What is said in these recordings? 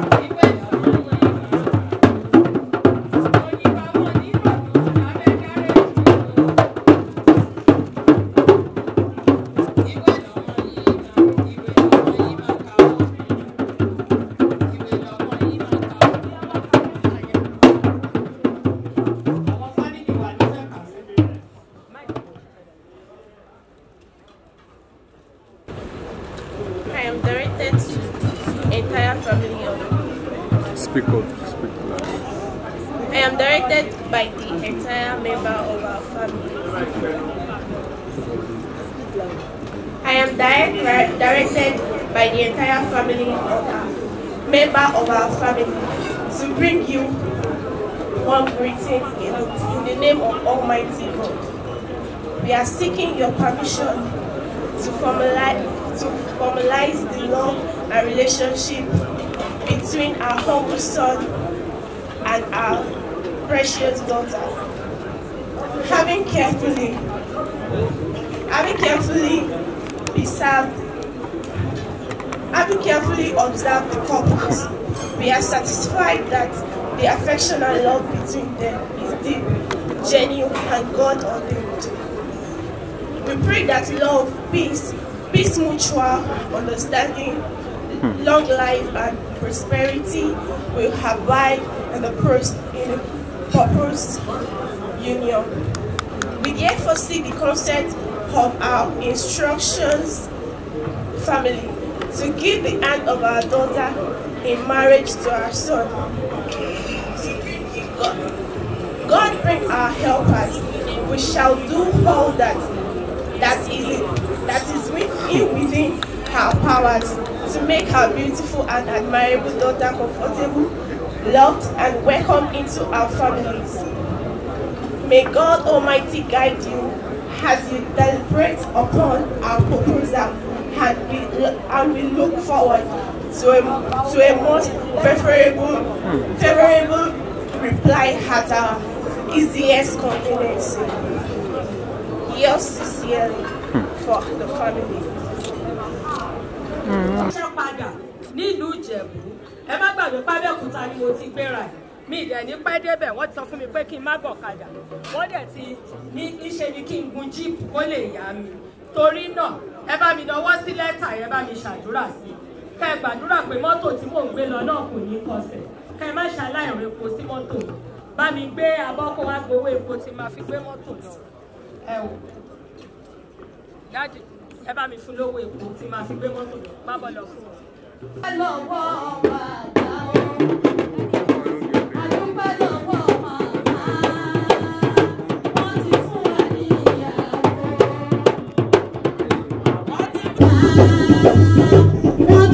Thank you. by the entire member of our family. I am direct, directed by the entire family of our member of our family to bring you one greeting in, in the name of Almighty God. We are seeking your permission to formalize, to formalize the love and relationship between our humble son and our precious daughter. Having carefully, having carefully preserved, having carefully observed the couples, we are satisfied that the affection and love between them is deep, genuine, and God ordained. We pray that love, peace, peace, mutual understanding, hmm. long life, and prosperity will abide in the person. In Purpose Union. We therefore see the concept of our instructions family to give the hand of our daughter in marriage to our son. God, God bring our helpers. We shall do all that that is that is within our powers to make our beautiful and admirable daughter comfortable loved and welcomed into our families. May God Almighty guide you as you deliberate upon our proposal and we, and we look forward to a, to a most favorable, favorable reply at our easiest convenience. Yours sincerely for the family. Mm. ẹ má gbàgbé pábẹ́òkúta ni mo ti gbéra ẹ̀ mi ìdẹ̀ ní pẹ́ débẹ̀ wọ́n ti sọ fún mi pé kí n má gbọ̀kadà wọ́n dẹ̀ ti ní ìṣe ni kí n gun jíìpù kó lè yá mi torí náà ẹ bá mi dọwọ́ sí lẹ́tà ẹ bá mi ṣàdúrà sí i kẹ́ ẹ gbàdúrà pé mọ́tò tí mò ń gbé lọ náà kò ní kọsẹ̀ kẹ́ ẹ má ṣaláìrò epo sí mọ́tò bá mi gbé abọ́ kó wá gbowó epo tí máa fi gbé mọ́tò lọ ẹ wò dáàdì ẹ bá mi fún lówó epo tí máa fi gbé mọ́tò lọ má bọ́ lọ fún ọ. Wọ́n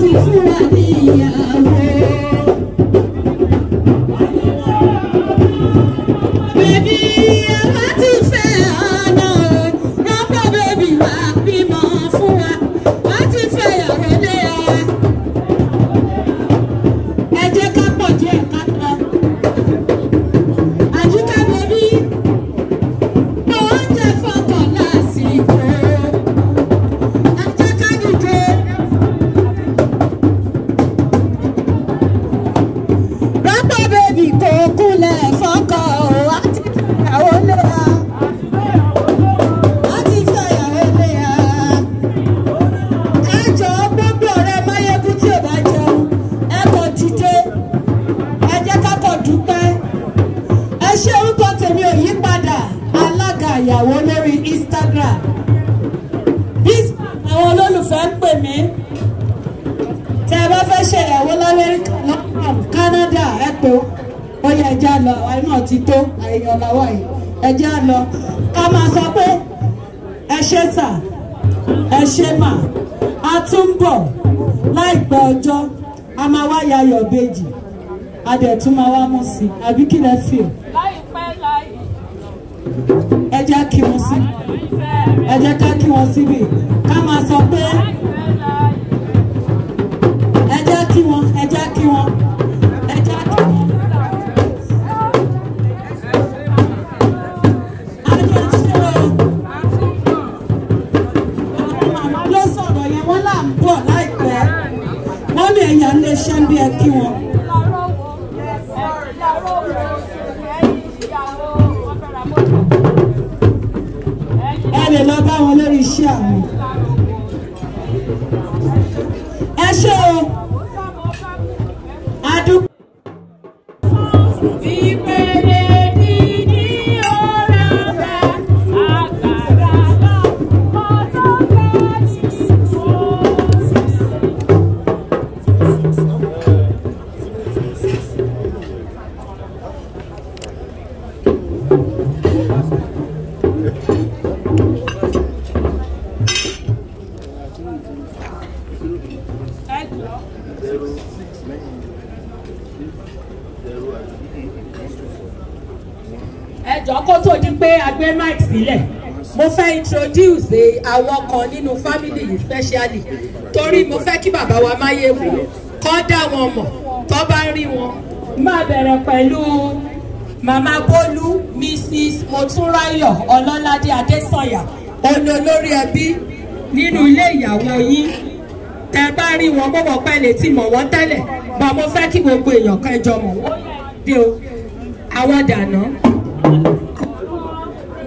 ti fún wa ní ìyàwó. ìyàwó lórí Instagram Bismarck àwọn olólùfẹ́ ń pè mí tẹ ẹ bá fẹ́ ṣe ìyàwó l'Amẹ́ríkà lọ́kàn Canada ẹ pé ó yẹ ẹja lọ àwa náà ti tó àyèyàn làwa yìí ẹja lọ ká máa sọ pé ẹ ṣe sà ẹ ṣe mà á tún bọ̀ láìpẹ́ ọjọ́ a máa wá yayọ̀ bèjì a dẹ̀ tún máa wá mú sí i àbí kí lẹ fi o. láìpẹ́ láì kí wọn sí ẹ jẹ́ ká kí wọn síbi ká máa sọ pé ẹ jẹ́ kí wọn ẹ jẹ́ kí wọn. ló sọ̀rọ̀ yẹn wọ́n là dẹ̀ lọ bá wọn lórí iṣẹ́ àwọn. ẹ jọ̀ọ́ kó tó di pé a gbé mic sílẹ̀ mo fẹ́ introduce àwọn kan nínú family yìí specially torí mo fẹ́ kí bàbá wa máyé wò kọ́ dá wọn mọ̀ tó bá rí wọn. máa bẹ̀rẹ̀ pẹ̀lú màmá bólú mrs motúnráyọ̀ ọlọ́ládé adésànyà ọ̀nà olórí ẹbí nínú ilé ìyàwó yín tẹ bá rí wọn bọ́bọ̀ pẹ́ lè mọ̀ wọ́n tẹ́lẹ̀ bá mo fẹ́ kí gbogbo èèyàn kẹjọ mọ̀ wọ́n dé o àwọn dànù.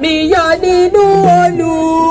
mi yọ nínú olùwọ́.